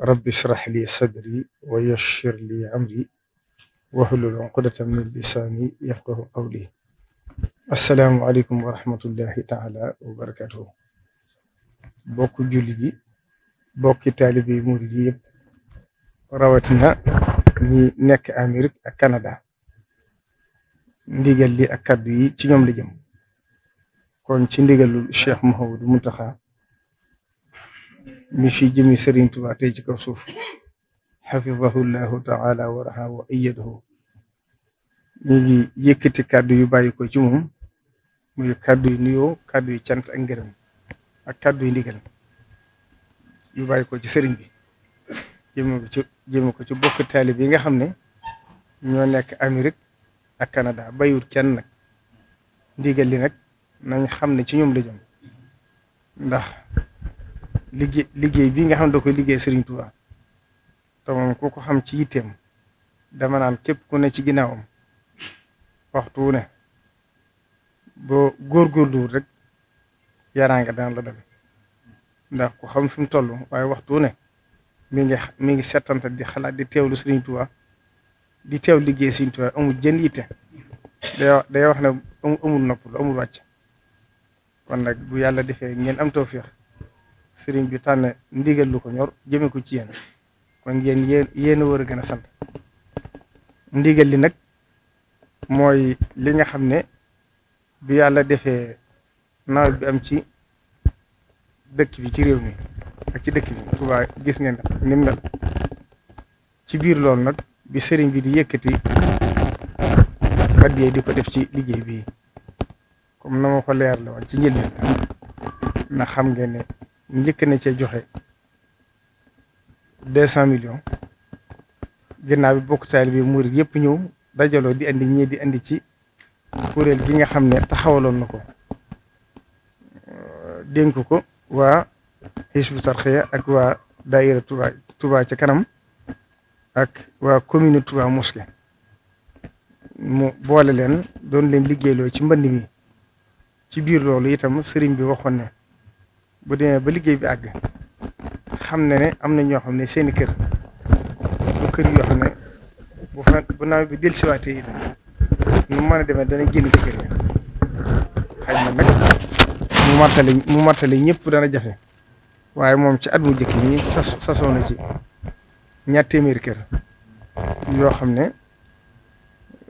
rabbi shrah li sadri wa yassir li amri wahlul uqdatan min lisaani yafqahu qawli assalaamu aleykum wa rahmatullahi taala wa barakatuhu bokk julli ji bokki taalibe yi murid yi yëpp rawatina ñi nekk Amérique ak Canada ndigal li ak kaddu yi ci ñoom la jëm kon ci ndigalul Cheikh Mouhamadou Mountakha mi fi jëmi Sëriñ Tuubaa tey ci kaw suuf xafizahu taala wa raha wa ayyadahu ñu ngi yëkkati kàddu yu bàyyi ko ci moom muy kàddu yu nuyoo kàddu yu cant ak ngërëm ak kàddu yu ndigal yu bàyyi ko ci sëriñ bi jëme ko ci jëme ko bokk taalib nga xam ne ñoo nekk Amérique ak Canada bayut kenn nag ndigal li nag nañ xam ne ci ñoom la ndax liggéey liggéey bii nga xam ne da koy liggéey Serigne Touba te moom ku ko xam ci yitteem dama naan képp ku ci ginnaawam waxtu wu ne boo góorgóorlu rek yaraanga daan la dem ndax ku xam fi mu toll waaye waxtu wu ne mi mi ngi settante di xalaat di teewlu Serigne Touba di teew liggéey Serigne Touba amul jën yitte day wax ne amul nopp lu amul wàcc kon nag bu yàlla defee ngeen am tawfeex sëriñ bi tànn ndigal lu ko ñor jëme ko ci yéen kon yéen yéen yéen a war a gën a sant ndigal li nag mooy li nga xam ne bi yàlla defee nawet bi am ci dëkk bi ci réew mi ak ci dëkk bi Tuubaa gis ngeen ni mel ci biir loolu nag bi sëriñ bi di yëkkati addiyee di ko def ci liggéey bii comme na ma ko leer la woon ci njëlbeen ndax xam ngeen njëkk na cee joxe deux cent millions ginnaaw bi bokk taal bi murit yépp ñëw dajaloo di indi ñii di indi ci kuréel gi nga xam ne taxawaloon na ko dénk ko waa Hizbut Tarqiyyah ak waa daayira tubaa tubaa ci kanam ak waa commune tubaa Mosquée mu boole leen doon leen liggéeyloo ci mbënd mi ci biir loolu itam sëriñ bi waxoon ne bu demee ba liggéey bi àgg xam ne ne am na ñoo xam ne seeni kër bu kër yoo xam ne bu fa bu nawet bi dellusiwaatee itam nu mën a demee dana génn ci kër mu martale ñëpp dana jafe waaye moom ci at mu jëkk yi sas na ci ñaar kër yoo xam ne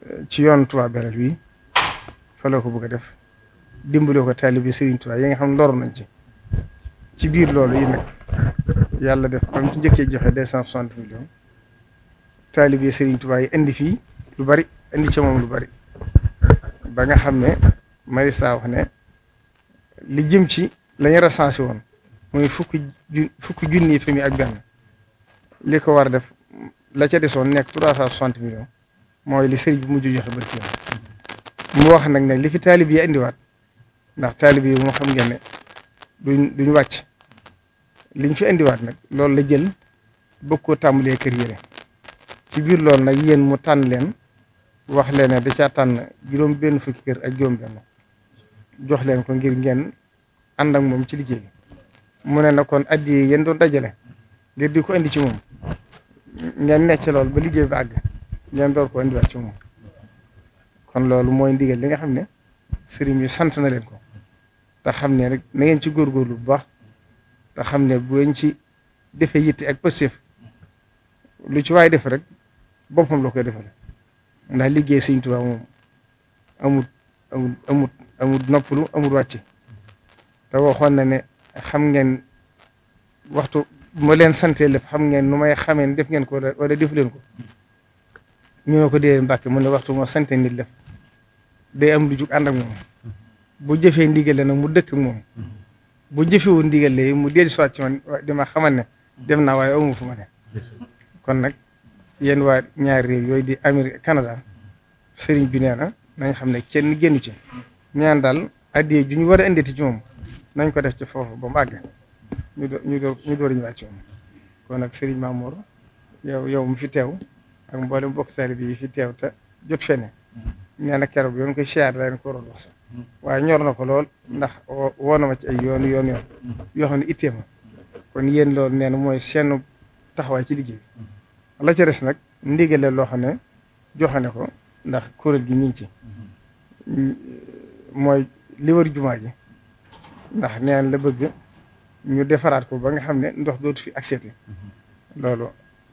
eh, ci yoon Touba Belel wi fa la ko bëgg a def dimbaloo ko taalibe Serigne Touba yi nga xam ne nañ ci ci biir loolu yi nag yàlla def ba mu ci njëkkee joxe deux cent soixante millions taalibe Sëriñ Tuubaa indi fii lu bari indi ca moom lu bari ba nga xam ne Marista wax ne li jëm ci lañu ñu recensé woon mooy fukki ju fukki junni famille ak benn li ko war a def la ca desoon nekk trois cent soixante millions mooy li sëriñ bi mujj joxe barki yoon mu wax nag ne li fi taalib yi indiwaat ndax taalib yi moo xam ngeen ne duñ duñ wàcc liñ fi indiwaat nag loolu la jël bëgg koo tàmbalee kër yére ci biir loolu nag yéen mu tànn leen wax leen ne da caa tànn juróom benn fukki kër ak juróom benn jox leen ko ngir ngeen ànd ak moom ci liggéey bi mu ne na kon addi yi yéen doon dajale ngir di ko indi ci moom ngeen necc lool ba liggéey bi àgg ngeen door ko indiwaat ci moom kon loolu mooy ndigal li nga xam ne sëriñ bi sant na leen ko te xam ne rek na ngeen ci góorgóorlu bu baax te xam ne buñ ci defee yitte ak pëstéef lu ci waay def rek boppam la koy defal ndax liggéey sëñ Tuubaa moom amut amut amut amut noppalu amut wàcce te waxoon na ne xam ngeen waxtu ma leen sante lépp xam ngeen nu may xameen def ngeen ko wala defu leen ko ñu ne ko dee Mbàkke mu ne waxtu moo sante nit lépp day am lu jug ànd ak moom bu jëfee ndigal la nag dëkk moom bu jëfewul ndigal léegi mu dellu si waat ci man di ma xamal ne dem na waaye amu fu ma ne kon nag yéen waa ñaari réew yooyu di Amérique Canada sëriñ bi nee na nañ xam ne kenn génnu ci ñaan daal addiyee ju ñu war a indeti ci moom nañ ko def ci foofu ba mu àgg ñu do ñu door kon nag sëriñ Mamour yow yow mu fi teew ak mboolem bokk taalibe yi fi teew te jot fene nee na keroog bi ma koy siyaar leen ko waroon wax sax waaye ñor na ko lool ndax woo na ma ci ay yoon yoon yoon yoo xam ne ittee ma kon yéen loolu nee na mooy seen taxawaay ci liggéey bi la ca des nag ndigal loo xam ne joxane ko ndax kuréel gi ñu ngi ci mooy li wër jumaa ji ndax neen la bëgg ñu defaraat ko ba nga xam ne ndox dootu fi accepté loolu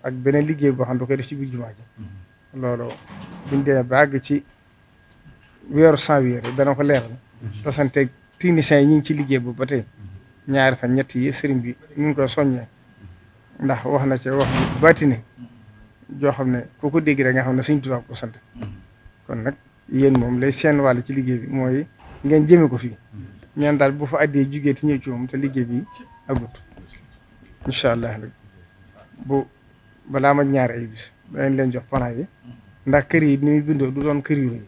ak beneen liggéey boo xam ne du koy def ci biir jumaa ji loolu buñ demee ba àgg ci weeru janvier dana ko leeral mhm. te santeeg techniciens yi ñu ngi ci liggéey bu ba tey mhm. ñaari fan ñett yi sëriñ bi ñu ngi koy soññee ndax wax na ci wax bu baatine mhm. joo xam ne ku ko dégg rek nga xam ne Sëriñ Tuubaa ko sant kon nag yéen moom la seen wàll ci liggéey bi mooy ngeen jëme ko fii ñaan daal bu fa addee jugee ti ñëw ci moom te liggéey bi agut incha allah nag bu balaa ma ñaar ay bis danañ leen jox plan yi ndax kër yi ni muy bindoo du doon kër yu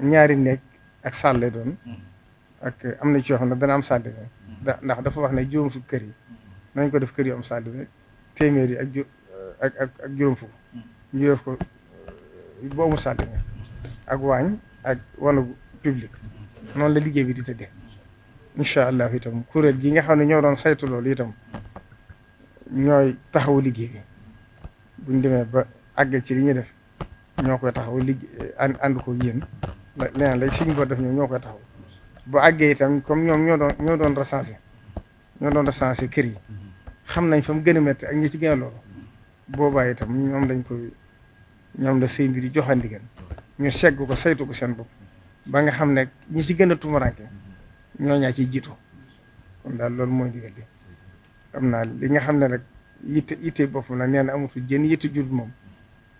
ñaari néeg ak salle lay doon mm-hmm. ak am na ci yoo xam ne dana am salle doon mm-hmm. ndax dafa wax ne juróom fukk kër yi mm-hmm. nañ ko def kër yu am salle yi ak ju ak ak ak ko euh, bu amul ak waañ ak wanagu public noonu la liggéey bi di tëddee incha allah itam kuréel gi nga xam ne ñoo doon saytu loolu itam ñooy taxawu liggéey bi buñ demee ba àgg ci li ñuy def ñoo koy taxawu liggéey ànd ànd ko yéen leneen lay siñ boo def ñoom ñoo koy taxaw bu àggee itam comme ñoom ñoo doon ñoo doon recensé ñoo doon recensé kër yi xam nañ fa mu gën a metti ak ñi ci gën boobaa itam ñoom dañ koy ñoom la sëñ bi di jox ndigal ñu segg ko saytu ko seen bopp ba nga xam ne ñu si gën a tumuranke ñoo ñaa ci jiitu kon daal loolu mooy ndigal bi am naa li nga xam ne rek yitte yitte boppam la nee na amatul jën yitte jur moom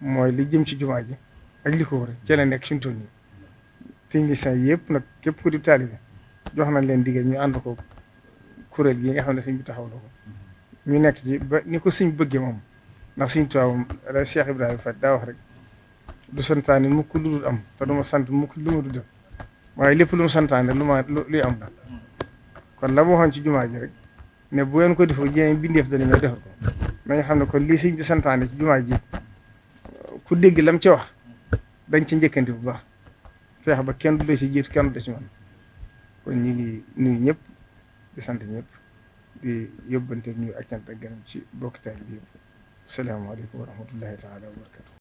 mooy li jëm ci jumaa ji ak li ko wër ci la nekk suñu tool yi technicien yëpp nag képp ku di taalibe jox nañ leen digal ñu ànd ko kuréel gi nga xam ne sëñ bi taxaw na ko nekk ci ba ni ko sëñ bëggee moom ndax sëñ Tuubaa moom la Cheikh Ibrahima daa wax rek du santaane mukk lu am te du ma sant mukk lu du def waaye lépp lu santane santaane lu ma luy am la kon la ma waxoon ci jumaa ji rek ne bu ngeen ko defee ñeneen bindeef dana ñëw defal ko nañ xam ne kon lii sëñ bi santaane ci jumaa ji ku dégg lam ci wax dañ ci njëkkanti bu baax feex ba kenn du la ci jiit kenn du la man kon ñu ngi nuyu ñëpp di sant ñëpp di yóbbante nuyu ak cant ak ci bokk taal bi yëpp salaamaaleykum wa rahmatullahi taala wa